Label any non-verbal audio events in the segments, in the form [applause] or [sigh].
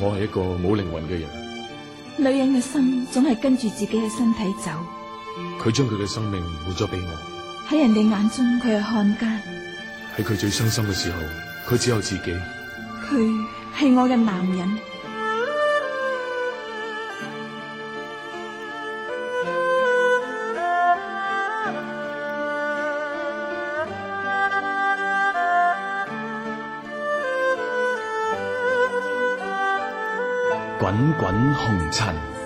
我係一個冇靈魂嘅人。女人嘅心總係跟住自己嘅身體走。佢將佢嘅生命換咗俾我。喺人哋眼中，佢係漢奸。喺佢最傷心嘅時候，佢只有自己。佢係我嘅男人。滾紅塵。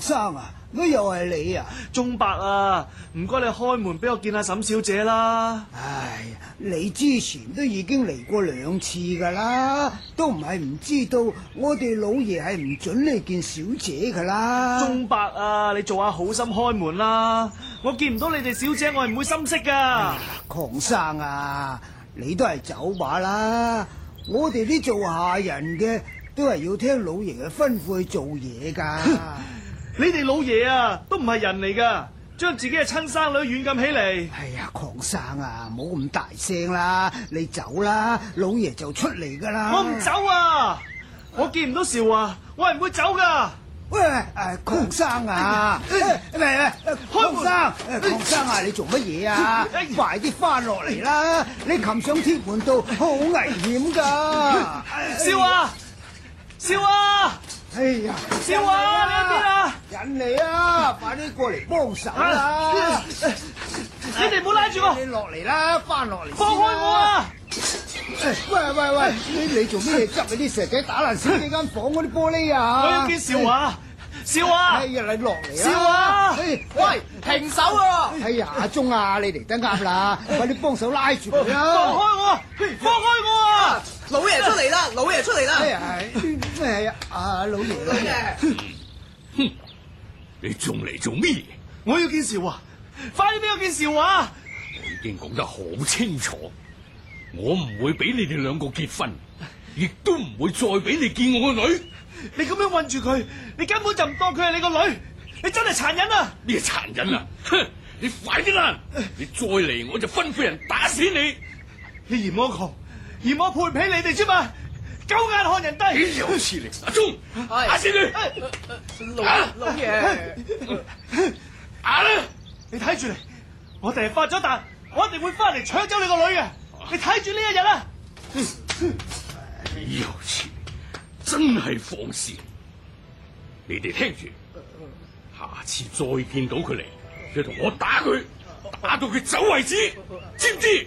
生啊，乜又係你啊？鍾伯啊，唔該你開門俾我見下沈小姐啦。唉，你之前都已經嚟過兩次噶啦，都唔係唔知道我哋老爺係唔准你見小姐噶啦。鍾伯啊，你做下好心開門啦，我見唔到你哋小姐，我係唔會心息噶。狂生啊，你都係走罷啦，我哋啲做下人嘅都係要聽老爺嘅吩咐去做嘢噶。 [laughs] 你哋老爺啊，都唔係人嚟噶，將自己嘅親生女軟禁起嚟。哎呀，鄺生啊，唔好咁大聲啦，你走啦，老爺就出嚟噶啦。我唔走啊，我見唔到韶華，我係唔會走噶。喂，誒，鄺生啊，嚟嚟、哎，開門、哎、鄺生，鄺生、哎、鄺生啊，你做乜嘢啊？快啲翻落嚟啦！你擒上天門度，好危險噶。韶華、哎！韶華！韶華哎呀！韶華，你喺邊啊？人嚟啊，快啲過嚟幫手啦！你哋唔好拉住我，你落嚟啦，翻落嚟，放開我啊！喂喂喂，你你做咩執你啲石仔打爛自己間房嗰啲玻璃啊！我有件韶華，韶華。哎呀，你落嚟啦！韶華。喂，停手啊！哎呀，阿忠啊，你嚟得啱啦，快啲幫手拉住佢，放開我，放開我啊！老爺出嚟啦！老爺出嚟啦！係係啊！老爺，老爺，嗯，哼，你仲嚟做咩？我要見韶華！快啲俾我見韶華！我已經講得好清楚，我唔會俾你哋兩個結婚，亦都唔會再俾你見我個女。你咁樣困住佢，你根本就唔當佢係你個女，你真係殘忍啊！咩殘忍啊？哼！你快啲啦！你再嚟我就吩咐人打死你！你嫌我窮！而我陪唔起你哋啫嘛！狗眼看人低，豈有此理！阿中，阿次女，老老嘢，啊啊啊啊、你睇住嚟，我第日發咗達，我一定會翻嚟搶走你個女嘅，你睇住呢一日啦！豈 [laughs] 有此理，真係放肆！你哋聽住，下次再見到佢嚟，要同我打佢，打到佢走為止，知唔知？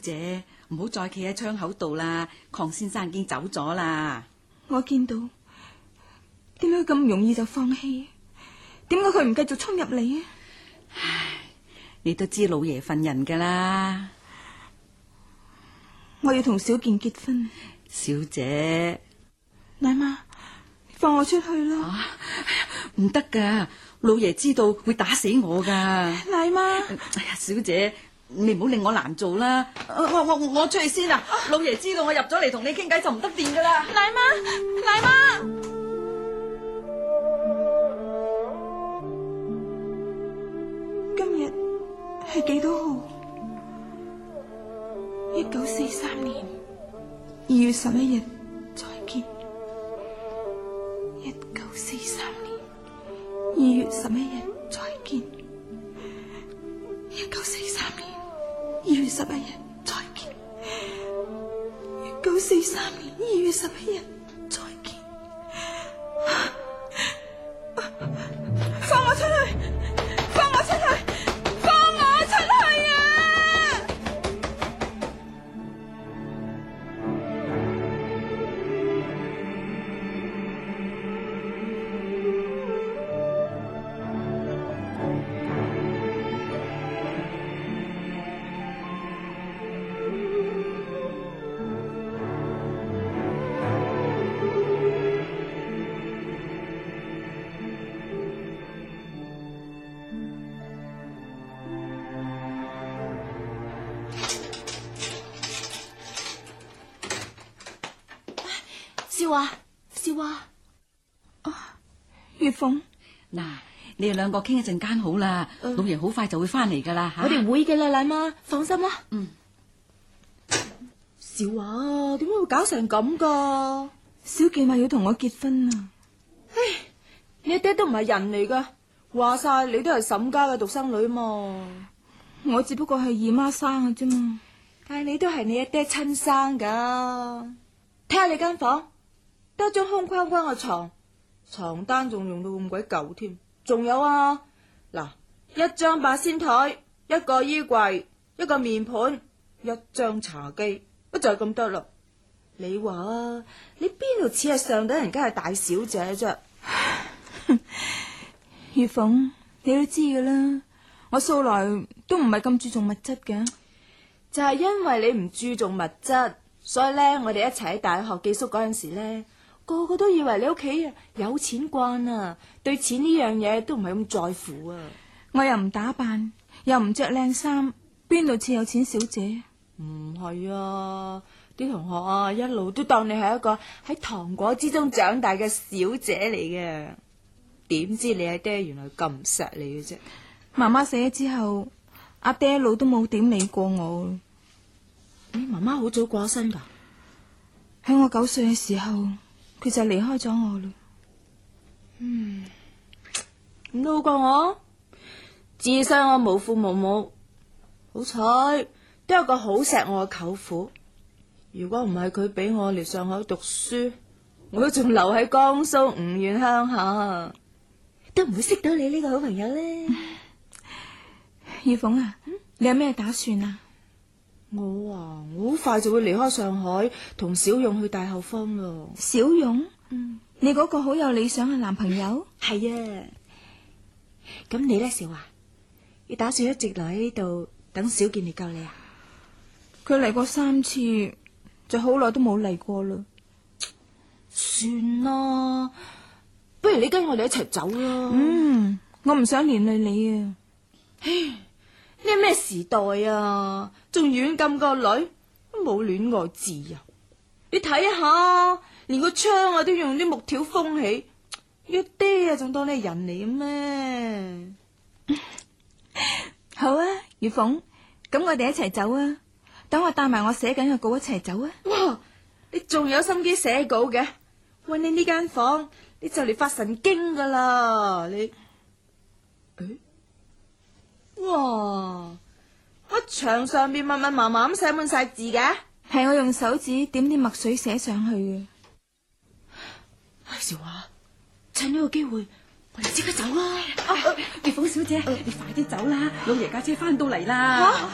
小姐，唔好再企喺窗口度啦！鄺先生已經走咗啦。我見到。點解咁容易就放棄？點解佢唔繼續衝入嚟啊？唉，你都知老爺瞓人噶啦。我要同小健結婚。小姐，奶媽，放我出去啦！唔得噶，老爺知道會打死我噶。奶媽，哎呀，小姐。你唔好令我難做啦！我我我,我出去先啊！老爺知道我入咗嚟同你傾偈就唔得掂噶啦！奶媽，奶媽，今日係幾多號？一九四三年二月十一日，再見。一九四三年二月十一日，再見。一九四。二月十一日，再見。一九四三年二月十一日。嗱、啊，你哋兩個傾一陣間好啦，呃、老爺好快就會翻嚟噶啦。吓、啊，我哋會嘅啦，奶媽放心啦。嗯，小華點解會搞成咁噶？小健話要同我結婚啊！唉，你阿爹都唔係人嚟噶，話晒你都係沈家嘅獨生女嘛。我只不過係二媽生嘅啫嘛，但係你都係你阿爹親生噶。睇下你間房間，多張空框框嘅床。床單仲用到咁鬼舊添，仲有啊嗱，喏一張八仙台，一個衣櫃，一個面盤，一張茶几，不就係咁多啦？你話啊，你邊度似係上等人家嘅大小姐啫？月鳳，你都知噶啦，我素來都唔係咁注重物質嘅，就係因為你唔注重物質，所以咧，我哋一齊喺大學寄宿嗰陣時咧。個個都以為你屋企有錢慣啊，對錢呢樣嘢都唔係咁在乎啊！我又唔打扮，又唔着靚衫，邊度似有錢小姐？唔係啊！啲同學啊，一路都當你係一個喺糖果之中長大嘅小姐嚟嘅，點知你阿爹原來咁錫你嘅、啊、啫！媽媽死咗之後，阿爹一路都冇點理過我。你、哎、媽媽好早過身噶，喺我九歲嘅時候。佢就離開咗我啦，嗯，咁好過我，自細我無父無母，好彩都有個好錫我嘅舅父，如果唔係佢俾我嚟上海讀書，我都仲留喺江蘇吳縣鄉下，都唔會識到你呢個好朋友咧。耀鳳啊，嗯、你有咩打算啊？我啊，我好快就會離開上海，同小勇去大後方咯。小勇，嗯，你嗰個好有理想嘅男朋友？係啊，咁你咧，小華，你打算一直留喺呢度等小健嚟救你啊？佢嚟過三次，就好耐都冇嚟過啦。算啦，不如你跟我哋一齊走啦，啊。嗯，我唔想連累你啊。唉。你係咩時代啊？仲軟禁個女，冇戀愛自由啊。你睇下，連個窗啊都用啲木條封起。阿爹啊，仲當你係人嚟咩？ [laughs] 好啊，月鳳，咁我哋一齊走啊。等我帶埋我寫緊嘅稿一齊走啊哇。哇，你仲有心機寫稿嘅？喂，你呢間房，你就嚟發神經噶啦，你。哇！喺牆上邊密密麻麻咁寫滿晒字嘅，係我用手指點啲墨水寫上去嘅。唉、啊，小華，趁呢個機會，我哋即刻走啦、啊！葉鳳、啊啊、小姐，啊、你快啲走啦，老爺家姐翻到嚟啦！吓、啊，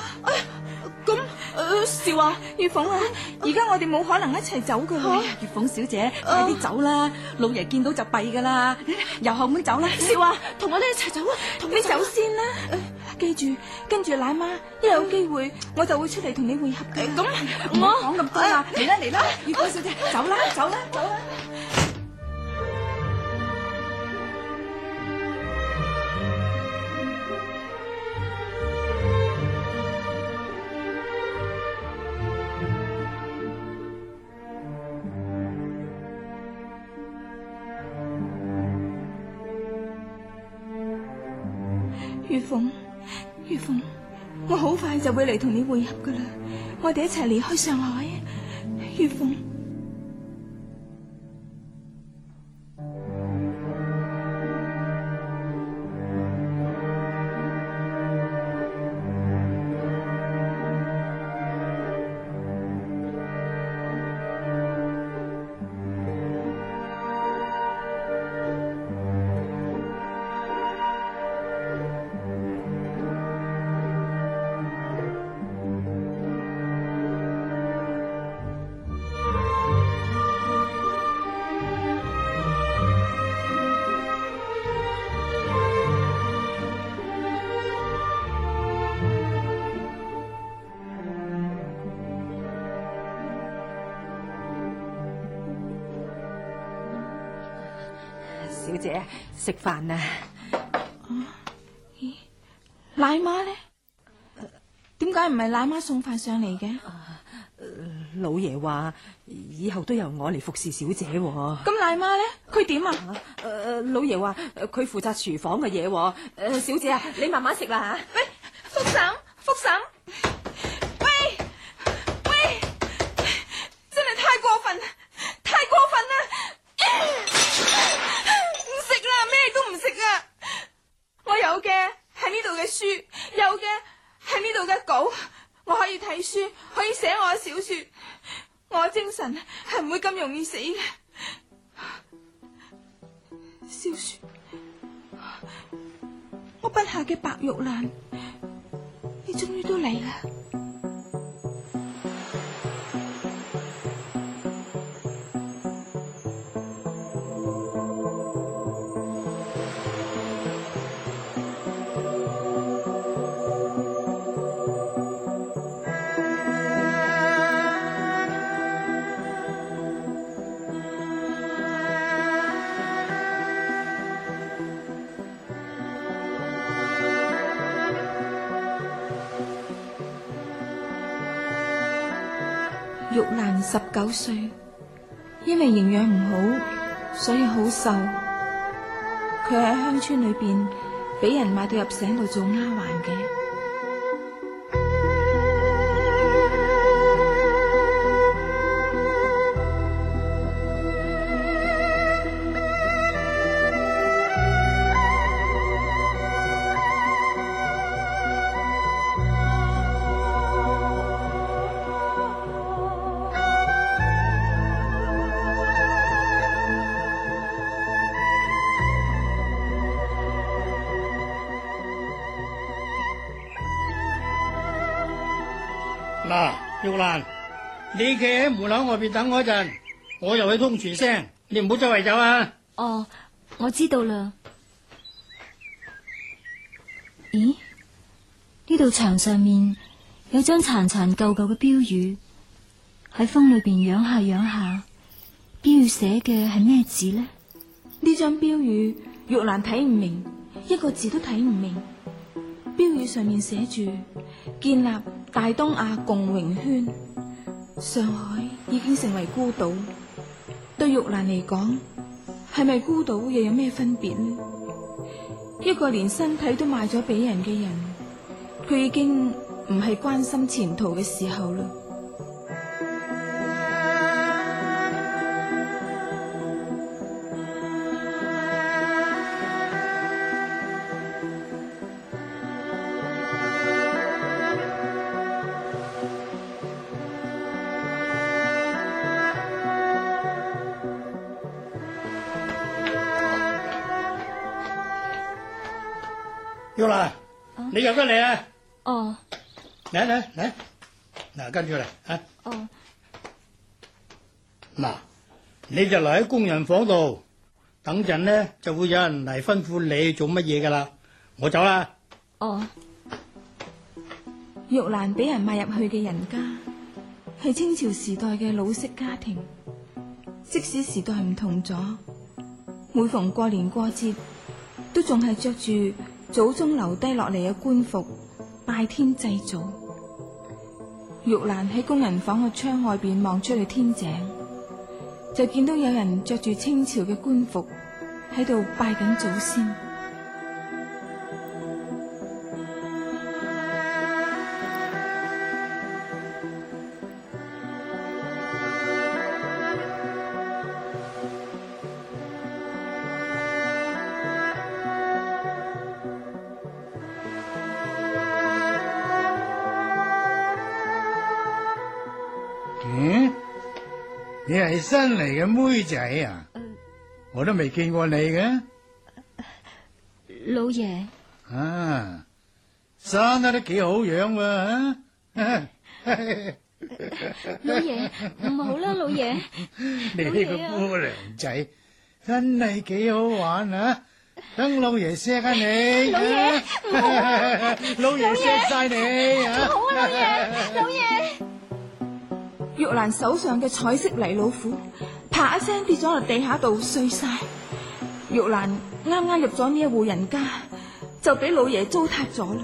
咁、啊。啊呃，少啊，月鳳啊，而家我哋冇可能一齊走噶。月鳳小姐，快啲走啦，老爺見到就弊噶啦，由後門走啦。少啊，同我哋一齊走啊，同你走先啦。記住，跟住奶媽，一有機會我就會出嚟同你會合嘅。咁唔好講咁多啦，嚟啦嚟啦，月鳳小姐，走啦走啦走啦。鳳，月鳳，我好快就會嚟同你匯合噶啦，我哋一齊離開上海，月鳳。食飯啊，奶媽咧？點解唔係奶媽送飯上嚟嘅？老爺話以後都由我嚟服侍小姐。咁奶媽咧？佢點啊，啊？老爺話佢負責廚房嘅嘢。誒、啊，小姐啊，你慢慢食啦吓。容易死嘅小 [laughs] 雪，我筆下嘅白玉蘭，你終於都嚟啦。十九歲，因為營養唔好，所以好瘦。佢喺鄉村裏邊，俾人賣到入城度做丫鬟嘅。玉蘭，你企喺門口外邊等我一陣，我又去通傳聲，你唔好周圍走啊！哦，我知道啦。咦？呢度牆上面有張殘殘舊舊嘅標語，喺風裏邊仰下仰下，標語寫嘅係咩字呢？呢張標語，玉蘭睇唔明，一個字都睇唔明。標語上面寫住建立大東亞共榮圈，上海已經成為孤島。對玉蘭嚟講，係咪孤島又有咩分別呢？一個連身體都賣咗俾人嘅人，佢已經唔係關心前途嘅時候啦。你入得嚟啊？哦、oh.，嚟嚟嚟，嗱跟住嚟啊！哦，嗱、oh.，你就留喺工人房度，等陣咧就會有人嚟吩咐你做乜嘢噶啦。我走啦。哦，玉蘭俾人賣入去嘅人家，係清朝時代嘅老式家庭，即使時代唔同咗，每逢過年過節，都仲係着住祖宗留低落嚟嘅官服，拜天祭祖。玉蘭喺工人房嘅窗外邊望出去天井，就見到有人着住清朝嘅官服，喺度拜緊祖先。新嚟嘅妹仔啊，我都未見過你嘅，老爺啊，生得都幾好樣喎，老爺唔好啦，老爺，老爺啊，你呢個姑娘仔真係幾好玩啊，等老爺錫下你，老爺唔好，老爺錫晒你，好啊，老爺，老爺。玉蘭手上嘅彩色泥老虎，啪一聲跌咗落地下度碎晒。玉蘭啱啱入咗呢一戶人家，就俾老爺糟蹋咗啦。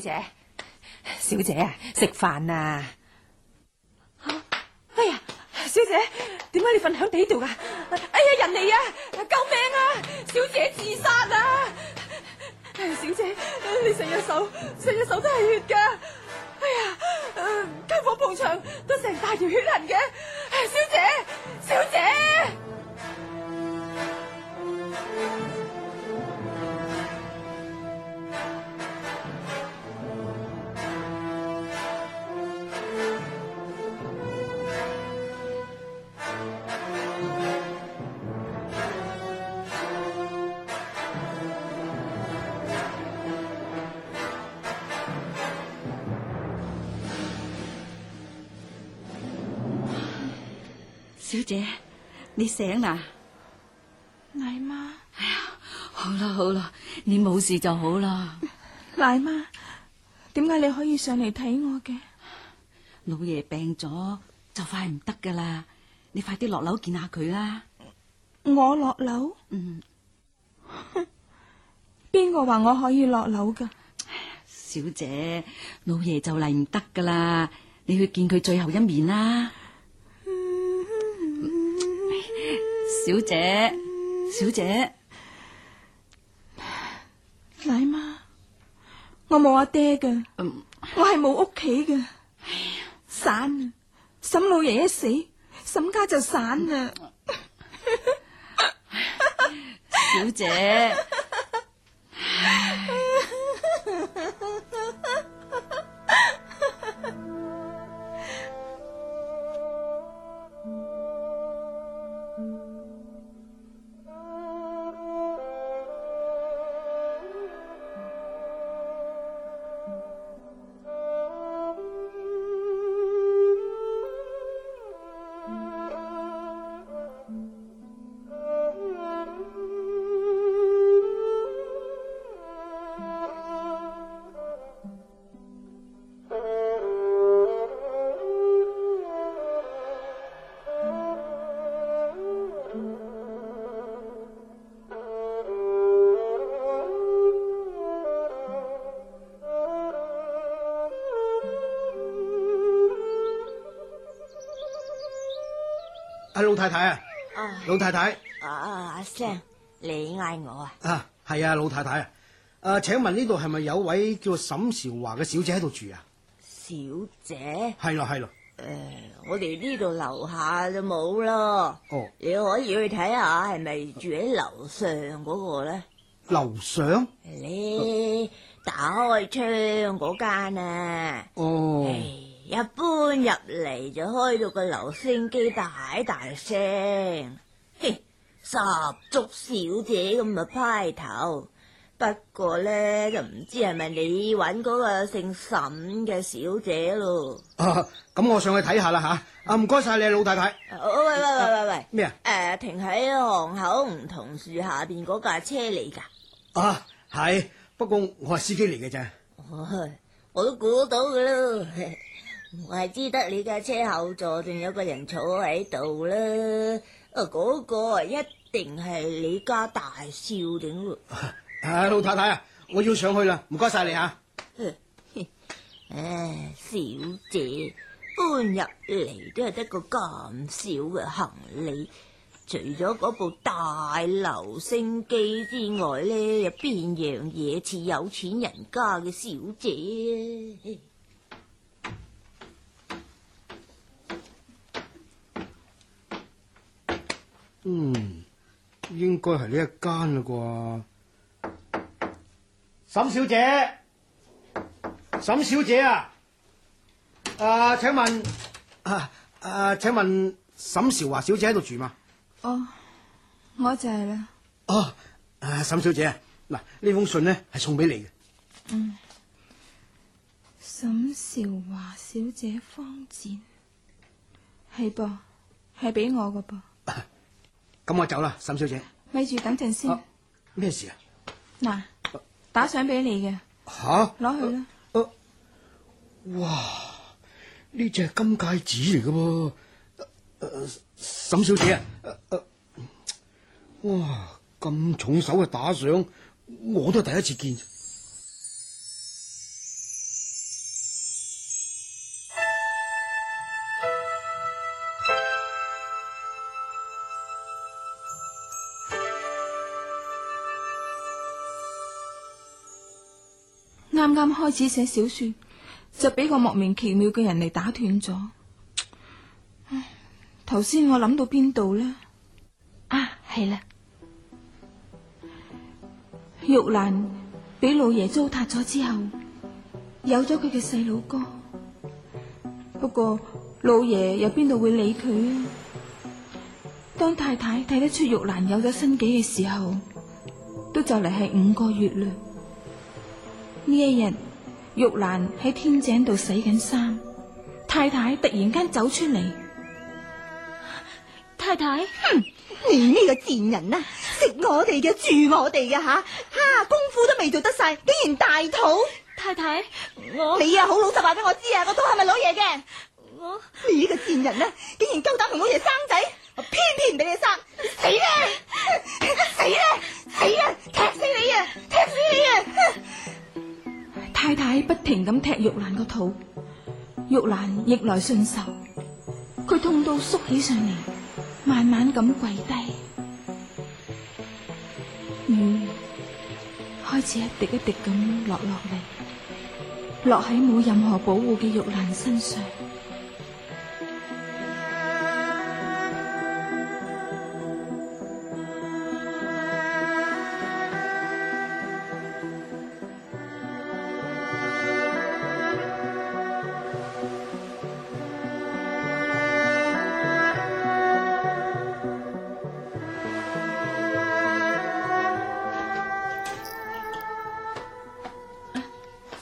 小姐，小姐啊，食飯啊！吓，哎呀，小姐，點解你瞓響地度噶？哎呀，人嚟啊！救命啊！小姐自殺啊！小姐，你成隻手，成隻手都係血噶！哎呀，嗯，間房碰牆都成大條血痕嘅，小姐，小姐。小姐，你醒啦！奶媽。哎呀，好啦好啦，你冇事就好啦。奶媽，點解你可以上嚟睇我嘅？老爺病咗就快唔得㗎啦，你快啲落樓見下佢啦。我落樓？嗯，邊個話我可以落樓㗎？小姐，老爺就嚟唔得㗎啦，你去見佢最後一面啦。小姐，小姐，奶媽，我冇阿爹噶，嗯、我係冇屋企噶，哎、呀散啊，沈老爺一死，沈家就散啦，小姐。 [laughs] 太太啊，老太太啊，阿生，你嗌我啊？啊係啊，老太太啊，誒，請問呢度係咪有位叫沈兆華嘅小姐喺度住啊？小姐，係咯係咯，誒，我哋呢度樓下就冇咯。哦，你可以去睇下係咪住喺樓上嗰個咧？樓上，你打開窗嗰間啊，哦。一般入嚟，就開到個留聲機，大大聲，嘿，十足小姐咁嘅派頭。不過咧，就唔知係咪你揾嗰個姓沈嘅小姐咯。啊，咁我上去睇下啦吓。啊，唔該晒你，老太太。喂喂喂喂喂，咩啊？誒、啊，停喺巷口梧桐樹下邊嗰架車嚟噶？啊，係。不過我係司機嚟嘅啫。哦、哎，我都估到嘅咯。 [laughs] 我係知得你架車後座仲有個人坐喺度啦，啊嗰個啊一定係你家大少頂喎。啊！老太太啊，我要上去啦，唔該晒你吓。唉， [laughs] 啊，小姐搬入嚟都係得個咁少嘅行李，除咗嗰部大留聲機之外呢，有邊樣嘢似有錢人家嘅小姐啊？嗯，應該係呢一間啦啩。沈小姐，沈小姐啊，誒、呃，請問誒、呃，請問沈兆華小姐喺度住嘛？哦，我就係啦。哦，誒、呃，沈小姐，嗱，呢封信呢係送俾你嘅。嗯，沈兆華小姐方展係噃，係俾我㗎噃。咁我走啦，沈小姐，咪住等陣先。咩事啊？嗱、啊，打賞俾你嘅，吓、啊，攞去啦、啊啊。哇，呢隻係金戒指嚟嘅喎，沈小姐啊，啊，哇，咁重手嘅打賞，我都係第一次見。開始寫小說，就俾個莫名其妙嘅人嚟打斷咗。頭先唉我諗到邊度呢？啊，係啦。玉蘭俾老爺糟蹋咗之後，有咗佢嘅細佬哥。不過老爺又邊度會理佢啊？當太太睇得出玉蘭有咗身紀嘅時候，都就嚟係五個月啦。呢一日。玉蘭喺天井度洗緊衫，太太突然間走出嚟。太太，嗯、你呢個賤人啦、啊，食我哋嘅住我哋嘅吓，哈，哈功夫都未做得晒，竟然大肚。太太，我你啊，好老實話俾我知啊，個肚係咪老爺嘅？我，是是我你呢個賤人啦、啊，竟然夠膽同老爺生仔，我偏偏唔俾你生，死啦， [laughs] 死啦呢， [laughs] 死，呢 [laughs] 死啊！踢死你啊！踢死你啊！ [laughs] 太太不停咁踢玉蘭個肚，玉蘭逆來順受，佢痛到縮起上嚟，慢慢咁跪低。雨開始一滴一滴咁落落嚟，落喺冇任何保護嘅玉蘭身上。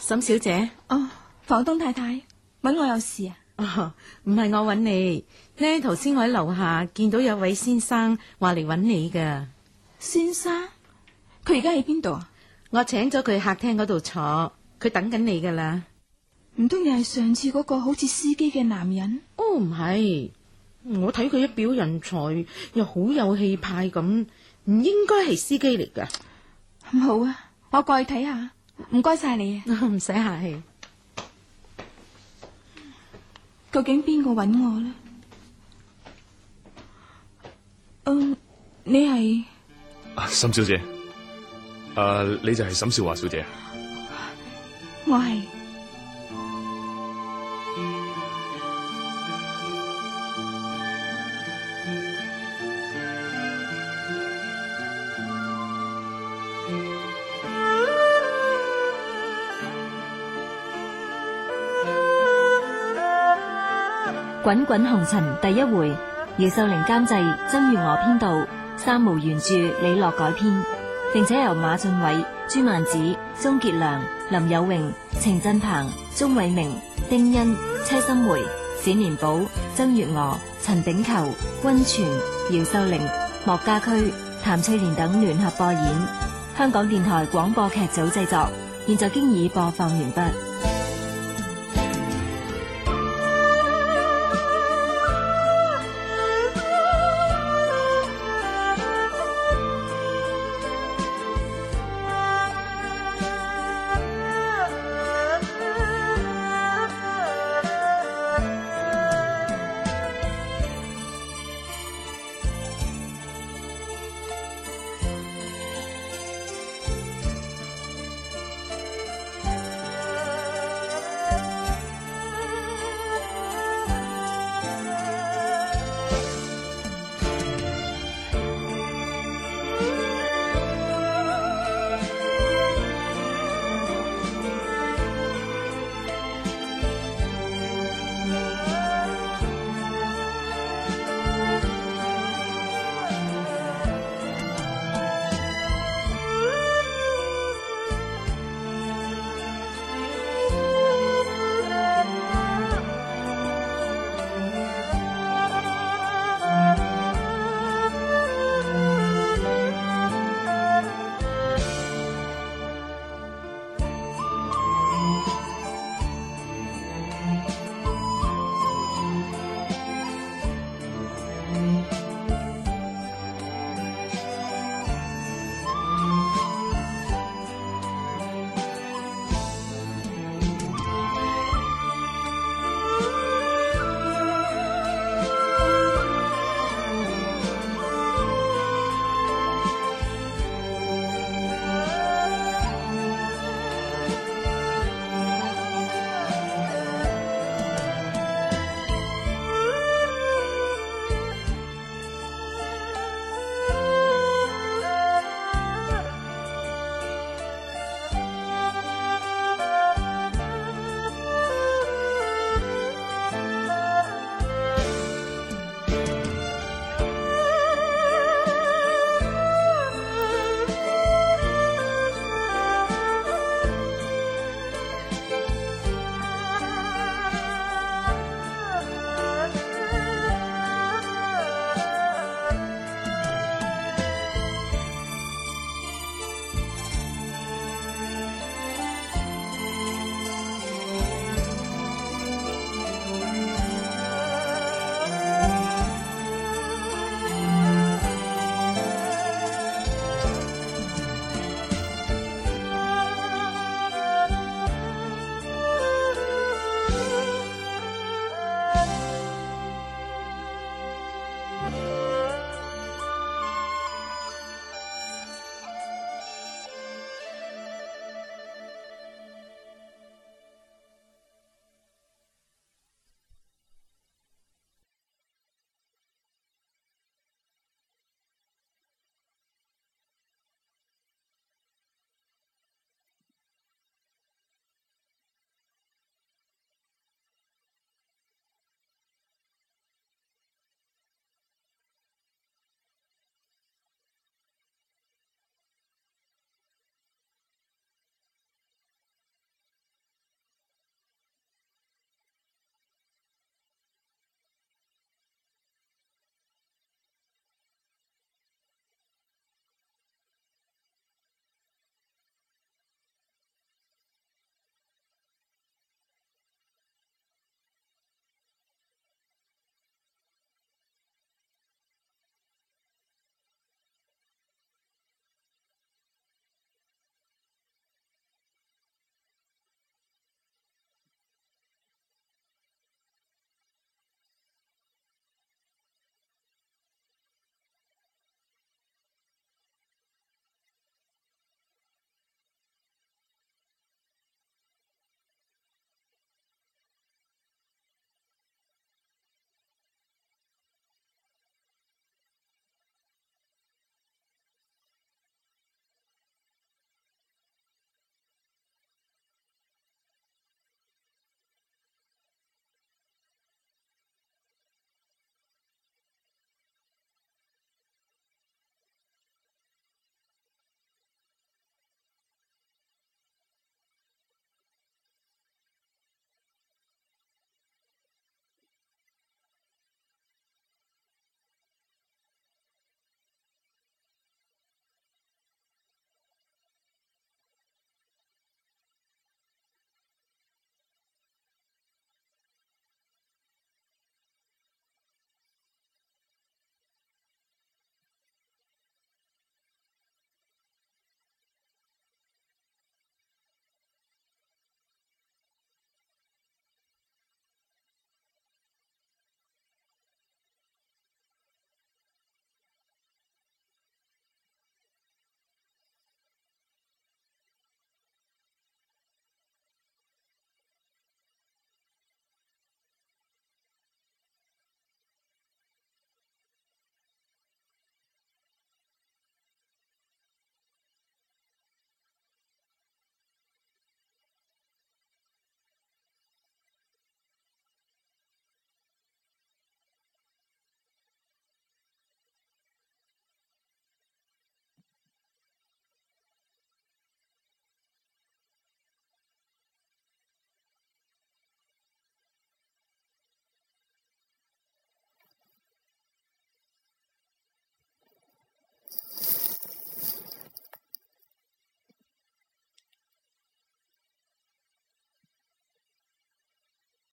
沈小姐，哦，房東太太，揾我有事啊？唔係，哦、我揾你呢，頭先我喺樓下見到有位先生話嚟揾你噶。先生，佢而家喺邊度啊？我請咗佢客廳嗰度坐，佢等緊你噶啦。唔通又係上次嗰個好似司機嘅男人？哦，唔係，我睇佢一表人才，又好有氣派咁，唔應該係司機嚟噶。好啊，我過去睇下。唔該晒你，唔使 [laughs] 客氣。究竟邊個揾我咧？嗯，uh，你係沈小姐。啊，uh，你就係沈少華小姐。我係。《滾滾紅塵》第一回，姚秀玲監製，曾月娥編導，三毛原著，李樂改編，並且由馬浚偉、朱曼子、鍾傑良、林有榮、程振鵬、鍾偉明、丁欣、車心梅、史年寶、曾月娥、陳炳球、溫泉、姚秀玲、莫家駒、譚翠蓮等聯合播演。香港電台廣播劇組製作，現在經已播放完畢。